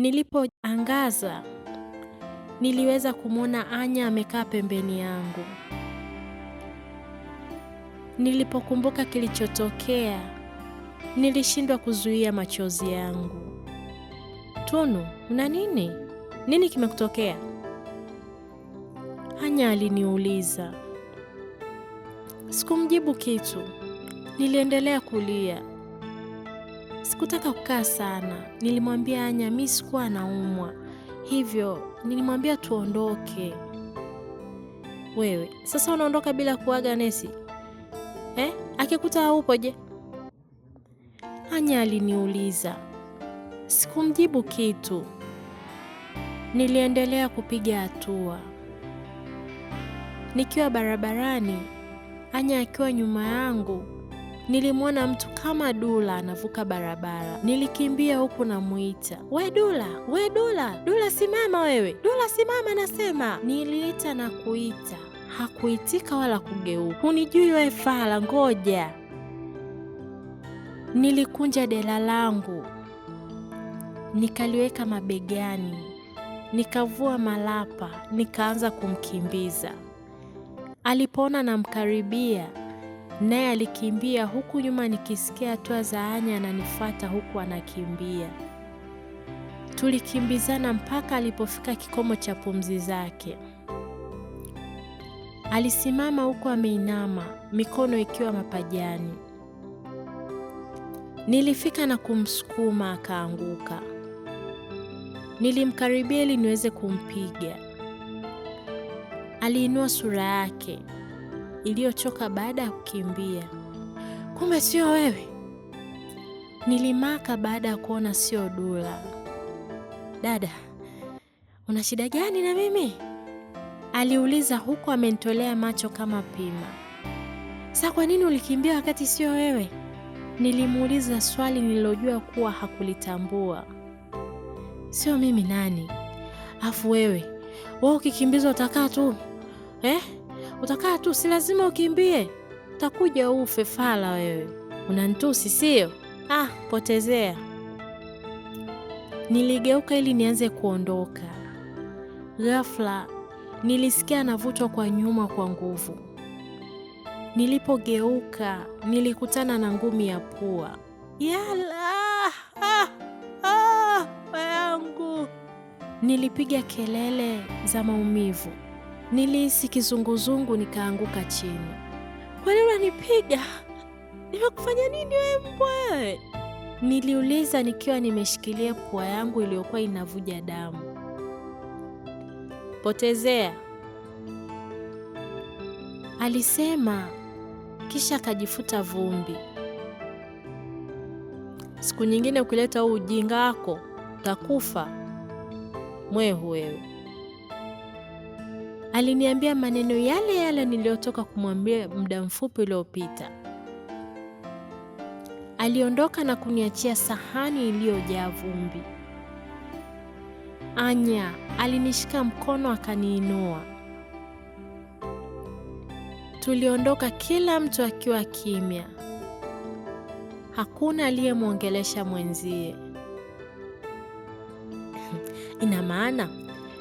Nilipoangaza niliweza kumwona Anya amekaa pembeni yangu. Nilipokumbuka kilichotokea, nilishindwa kuzuia machozi yangu. Tunu, una nini? Nini kimekutokea? Anya aliniuliza. Sikumjibu kitu, niliendelea kulia. Sikutaka kukaa sana, nilimwambia Anya mi sikuwa naumwa, hivyo nilimwambia tuondoke. Wewe sasa unaondoka bila kuaga nesi eh? Akikuta haupo je? Anya aliniuliza. Sikumjibu kitu, niliendelea kupiga hatua. Nikiwa barabarani, Anya akiwa nyuma yangu nilimwona mtu kama Dula anavuka barabara. Nilikimbia huku namwita, we Dula, we Dula, Dula simama wewe, Dula simama, nasema. Niliita na kuita, hakuitika wala kugeuka. Hunijui we fala, ngoja. Nilikunja dela langu nikaliweka mabegani, nikavua malapa, nikaanza kumkimbiza. Alipoona namkaribia naye alikimbia huku nyuma nikisikia hatua za Anya ananifuata huku anakimbia. Tulikimbizana mpaka alipofika kikomo cha pumzi zake. Alisimama huku ameinama, mikono ikiwa mapajani. Nilifika na kumsukuma akaanguka. Nilimkaribia ili niweze kumpiga. Aliinua sura yake iliyochoka baada ya kukimbia. Kumbe sio wewe. Nilimaka baada ya kuona sio Dula. Dada, una shida gani na mimi? Aliuliza huku amenitolea macho kama pima. Sa, kwa nini ulikimbia wakati sio wewe? Nilimuuliza swali nililojua kuwa hakulitambua. Sio mimi nani? Afu wewe, wewe ukikimbizwa utakaa tu eh? Utakaa tu, si lazima ukimbie, utakuja ufe fala wewe. Unanitusi sio? Ah, potezea. Niligeuka ili nianze kuondoka. Ghafla nilisikia navutwa kwa nyuma kwa nguvu. Nilipogeuka nilikutana na ngumi ya pua. Yala! Ah, ah, yangu! Nilipiga kelele za maumivu. Nilihisi kizunguzungu nikaanguka chini. Kwa nini unanipiga? Nimekufanya nini wewe mbwa? Niliuliza nikiwa nimeshikilia pua yangu iliyokuwa inavuja damu. Potezea, alisema kisha akajifuta vumbi. Siku nyingine ukileta huu ujinga wako utakufa mwehu wewe. Aliniambia maneno yale yale niliyotoka kumwambia muda mfupi uliopita. Aliondoka na kuniachia sahani iliyojaa vumbi. Anya alinishika mkono akaniinua. Tuliondoka kila mtu akiwa kimya, hakuna aliyemwongelesha mwenzie. Ina maana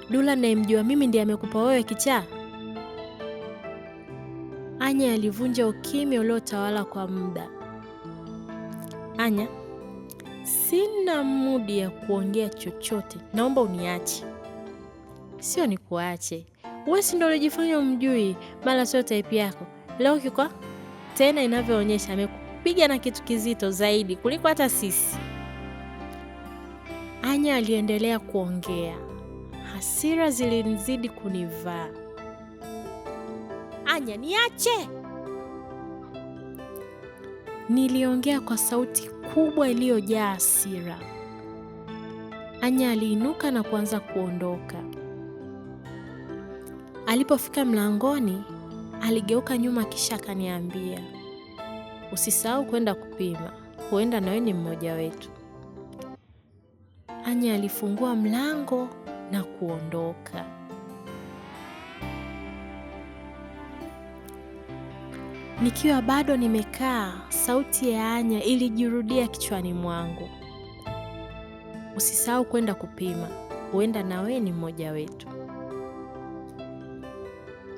Dula nayemjua mimi ndiye amekupa wewe kichaa? Anya alivunja ukimya uliotawala kwa muda. Anya, sina mudi ya kuongea chochote, naomba uniache. Sio nikuache wewe, si ndio ulijifanya umjui, mara sio type yako. Leo kikwa tena, inavyoonyesha amekupiga na kitu kizito zaidi kuliko hata sisi. Anya aliendelea kuongea. Hasira zilinzidi kunivaa. Anya, niache! Niliongea kwa sauti kubwa iliyojaa hasira. Anya aliinuka na kuanza kuondoka. Alipofika mlangoni, aligeuka nyuma kisha akaniambia, usisahau kwenda kupima, huenda na wewe ni mmoja wetu. Anya alifungua mlango na kuondoka. Nikiwa bado nimekaa, sauti ya Anya ilijirudia kichwani mwangu, usisahau kwenda kupima, huenda na wewe ni mmoja wetu.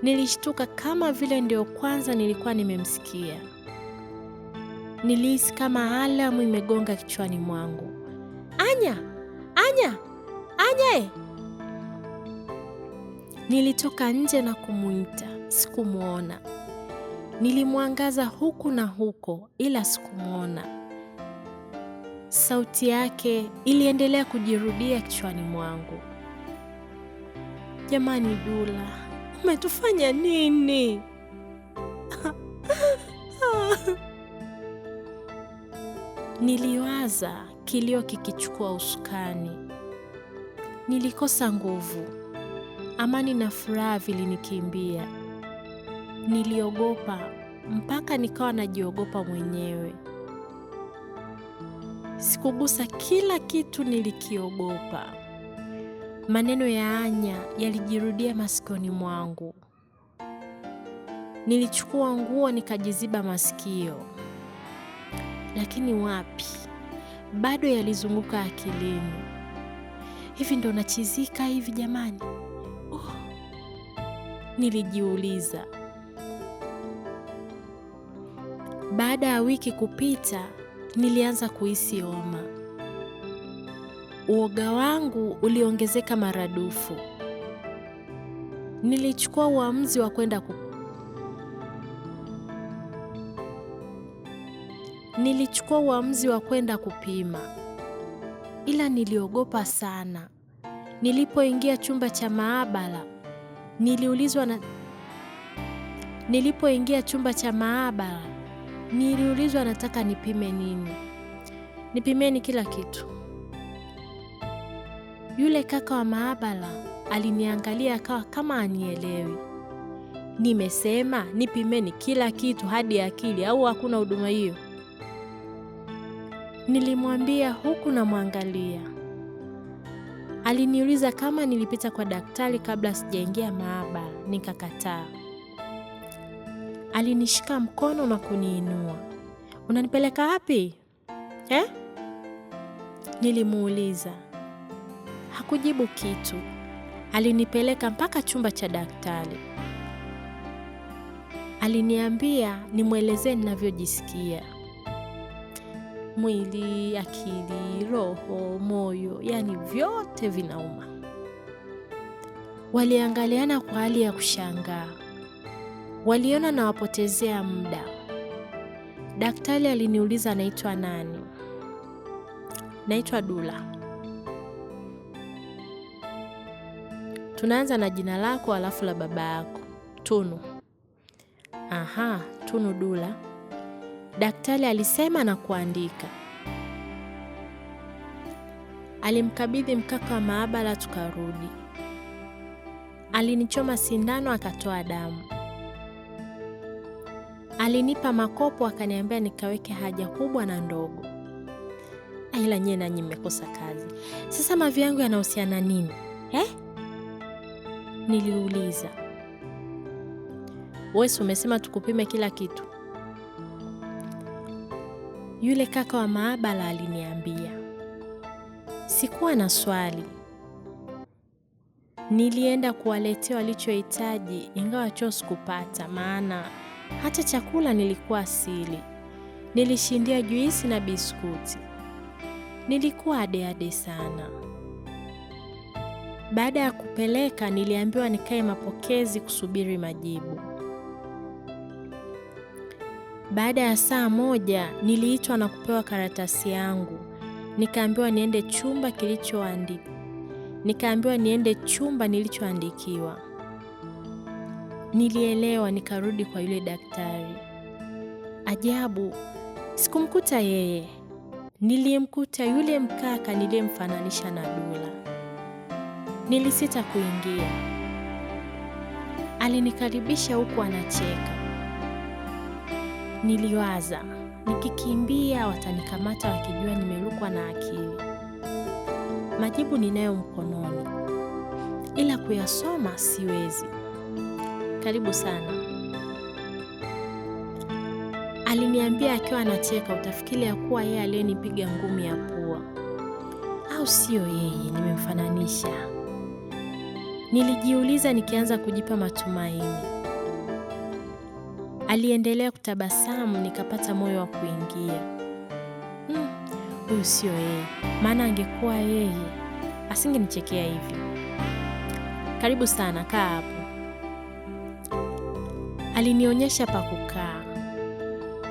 Nilishtuka kama vile ndio kwanza nilikuwa nimemsikia. Nilihisi kama alamu imegonga kichwani mwangu. Anya, Anya, Anya! Nilitoka nje na kumuita, sikumwona. Nilimwangaza huku na huko, ila sikumwona. Sauti yake iliendelea kujirudia kichwani mwangu. Jamani Dula, umetufanya nini? Niliwaza, kilio kikichukua usukani. Nilikosa nguvu. Amani na furaha vilinikimbia. Niliogopa mpaka nikawa najiogopa mwenyewe. Sikugusa kila kitu nilikiogopa. Maneno ya Anya yalijirudia masikioni mwangu. Nilichukua nguo nikajiziba masikio, lakini wapi, bado yalizunguka akilini. Hivi ndo nachizika hivi jamani? nilijiuliza. Baada ya wiki kupita, nilianza kuhisi homa. Uoga wangu uliongezeka maradufu. Nilichukua uamuzi wa kwenda ku... nilichukua uamuzi wa kwenda kupima, ila niliogopa sana. Nilipoingia chumba cha maabara, Niliulizwa na... Nilipoingia chumba cha maabara, niliulizwa nataka nipime nini. Nipimeni kila kitu. Yule kaka wa maabara aliniangalia akawa kama anielewi. Nimesema nipimeni kila kitu hadi akili, au hakuna huduma hiyo? Nilimwambia huku namwangalia. Aliniuliza kama nilipita kwa daktari kabla sijaingia maabara, nikakataa. Alinishika mkono na kuniinua. Unanipeleka wapi eh? Nilimuuliza. Hakujibu kitu. Alinipeleka mpaka chumba cha daktari. Aliniambia nimwelezee ninavyojisikia mwili, akili, roho, moyo, yaani vyote vinauma. Waliangaliana kwa hali ya kushangaa, waliona nawapotezea muda. Daktari aliniuliza naitwa nani? Naitwa Dula. Tunaanza na jina lako, alafu la baba yako. Tunu. Aha, Tunu Dula daktari alisema na kuandika. Alimkabidhi mkaka wa maabara, tukarudi. Alinichoma sindano akatoa damu, alinipa makopo akaniambia nikaweke haja kubwa na ndogo. Ila nyie nanyi mmekosa kazi. Sasa mavi yangu yanahusiana nini eh? Niliuliza. Wesi umesema tukupime kila kitu yule kaka wa maabara aliniambia. Sikuwa na swali, nilienda kuwaletea walichohitaji, ingawa choo sikupata, maana hata chakula nilikuwa sili. Nilishindia juisi na biskuti. Nilikuwa adeade sana. Baada ya kupeleka, niliambiwa nikae mapokezi kusubiri majibu. Baada ya saa moja niliitwa na kupewa karatasi yangu, nikaambiwa niende chumba kilichoandikwa, nikaambiwa niende chumba nilichoandikiwa. Nilielewa, nikarudi kwa yule daktari. Ajabu, sikumkuta yeye, nilimkuta yule mkaka niliyemfananisha na Dula. Nilisita kuingia, alinikaribisha huku anacheka Niliwaza, nikikimbia watanikamata wakijua nimerukwa na akili. Majibu ninayo mkononi, ila kuyasoma siwezi. Karibu sana, aliniambia akiwa anacheka. Utafikiri ya kuwa yeye aliyenipiga ngumi ya pua, au siyo yeye nimemfananisha? Nilijiuliza nikianza kujipa matumaini. Aliendelea kutabasamu, nikapata moyo wa kuingia. Hmm, huyu mm, sio yeye, maana angekuwa yeye asingenichekea hivi. Karibu sana, kaa hapo. Alinionyesha pa kukaa.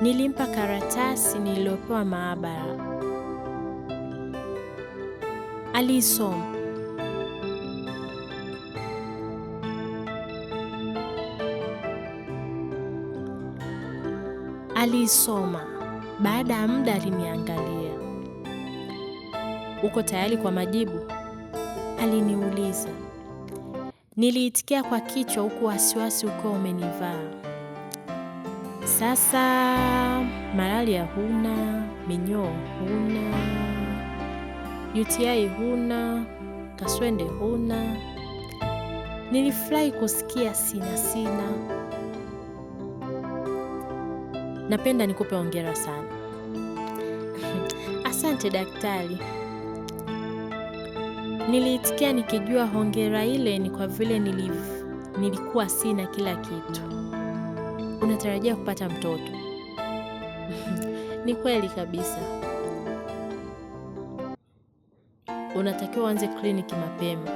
Nilimpa karatasi niliyopewa maabara, aliisoma Aliisoma. Baada ya muda aliniangalia. Uko tayari kwa majibu? Aliniuliza. Niliitikia kwa kichwa huku wasiwasi ukiwa umenivaa. Sasa malaria huna, minyoo huna, UTI huna, kaswende huna. Nilifurahi kusikia sina sina Napenda nikupe hongera sana. Asante daktari. Niliitikia nikijua hongera ile ni kwa vile niliv... nilikuwa sina kila kitu. Unatarajia kupata mtoto? Ni kweli kabisa. Unatakiwa uanze kliniki mapema.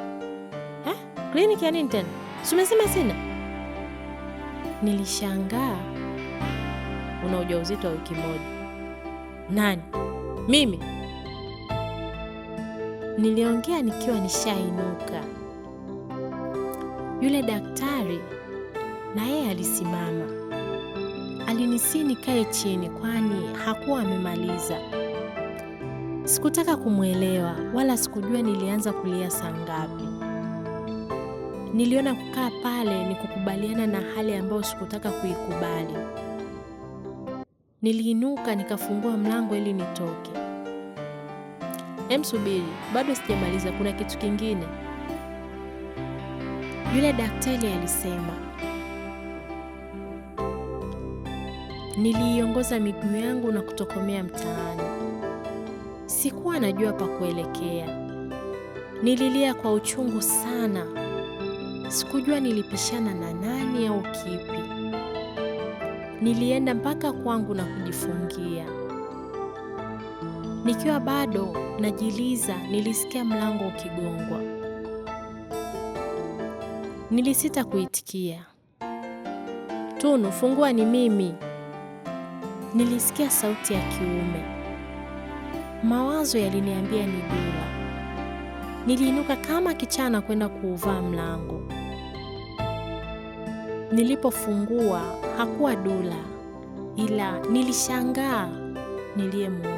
Ha? Kliniki ya nini tena? Si umesema sina? Nilishangaa una ujauzito wa wiki moja. Nani? Mimi? Niliongea nikiwa nishainuka. Yule daktari na yeye alisimama, alinisii nikae chini, kwani hakuwa amemaliza. Sikutaka kumwelewa wala sikujua nilianza kulia saa ngapi. Niliona kukaa pale ni kukubaliana na hali ambayo sikutaka kuikubali. Niliinuka nikafungua mlango ili nitoke. subiri, bado sijamaliza, kuna kitu kingine, yule daktari alisema. Niliiongoza miguu yangu na kutokomea mtaani. Sikuwa najua pa kuelekea. Nililia kwa uchungu sana. Sikujua nilipishana na nani au kipi nilienda mpaka kwangu na kujifungia. Nikiwa bado najiliza, nilisikia mlango ukigongwa. Nilisita kuitikia. Tunu, fungua, ni mimi. Nilisikia sauti ya kiume. Mawazo yaliniambia ni Dula. Niliinuka kama kichana kwenda kuuvaa mlango. Nilipofungua hakuwa Dula, ila nilishangaa niliyemwona.